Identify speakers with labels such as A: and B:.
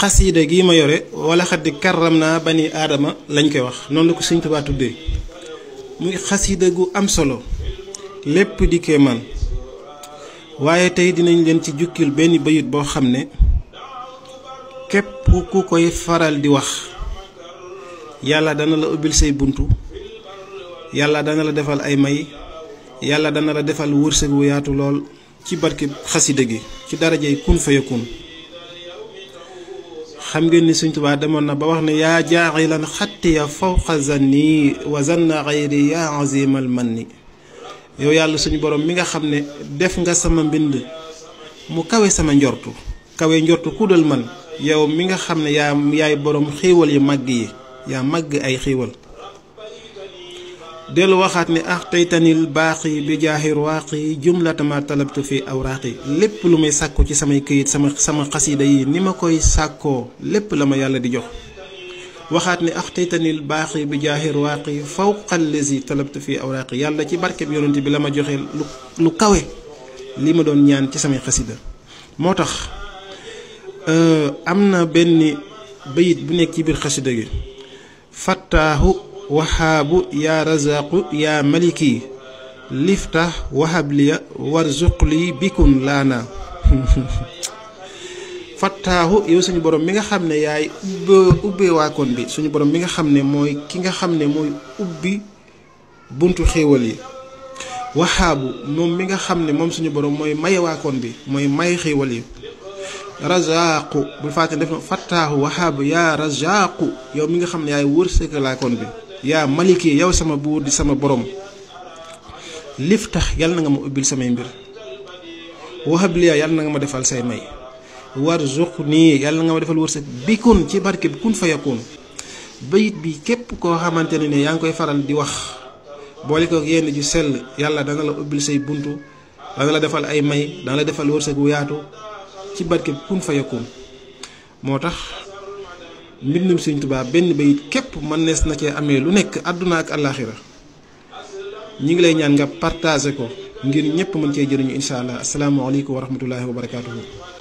A: xasiida gi ma yore wala xaddi karram naa ni aadama lañ koy wax noonu la ko sëñ Tuubaa tuddee muy xasiida gu am solo lépp di kéemaan waaye tey dinañ leen ci jukkil benn bayit boo xam ne képp ku koy faral di wax yàlla dana la ubbil say buntu yàlla dana la defal ay may yàlla dana la defal wërsëg wu yaatu lool ci barki xasida gi ci darajey kun fayakun xam ngeen ni Sëñ demoon na ba wax ne yaa jaaxilan xattiya fawqa zanni wa zanna xayri yaa azimal manni yow yàlla suñu boroom mi nga xam ne def nga sama mbind mu kawe sama njortu kawe njortu ku man yow mi nga xam ne yaa yaay boroom xiiwal yu màgg yi yaa màgg ay xéewal dellu waxaat ne ah taytanil baaqi bi jaaxir waaqi jumlatama talabtu fi awraaqi lépp lu may sàkku ci samay këyit sama sama xasida yi ni ma koy sàkkoo lépp la ma yàlla di jox waxaat ni ne ah baax yi bi jaaxir waaqi fawqal lazi talabtu fi awraaqi yàlla ci barkeb yonent bi la ma joxe lu lu kawe li ma doon ñaan ci samay xasida moo tax euh, am na benn bayit bu nekk ci biir xasida gi fattaahu waxaabu yaa razaqu yaa maliki liftax wahabliya li bikun laana fattaahu yow suñu borom mi nga xam ne yaay ubbe bi suñu borom mi nga xam ne mooy ki nga xam ne mooy ubbi buntu xéewal yi waxaabu moom mi nga xam ne moom suñu borom mooy maye waakoon bi mooy may xéewal yi razaqu bul fàtte def na fattaahu waxaabu yaa razaqu yow mi nga xam ne yaay wërsëg laakoon bi yaa yi yow sama buur di sama borom lif tax yàlla na nga ma ubbil samay mbir wahabliya yàlla na nga ma defal say may warzuq nii yàlla na nga ma defal wërsëg bi kun ci barke bi kun fa yakun bayit bi képp koo xamante ne ne yaa ngi koy faral di wax boole ko yenn ju sell yàlla dana la ubbil say buntu dana la defal ay may dana la defal wërsëg wu yaatu ci barke bi kun fa yakun moo tax mbindum sëñ tubaab benn bayit képp mën nees na cee amee lu nekk àdduna ak àllaaxira ñi ngi lay ñaan nga partagé ko ngir ñëpp mën cee jëriñu incha allah asalaamaaleykum wa rahmatullahi wa barakaatuhu.